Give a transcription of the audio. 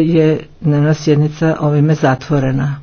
je dnevna sjednica ovime zatvorena.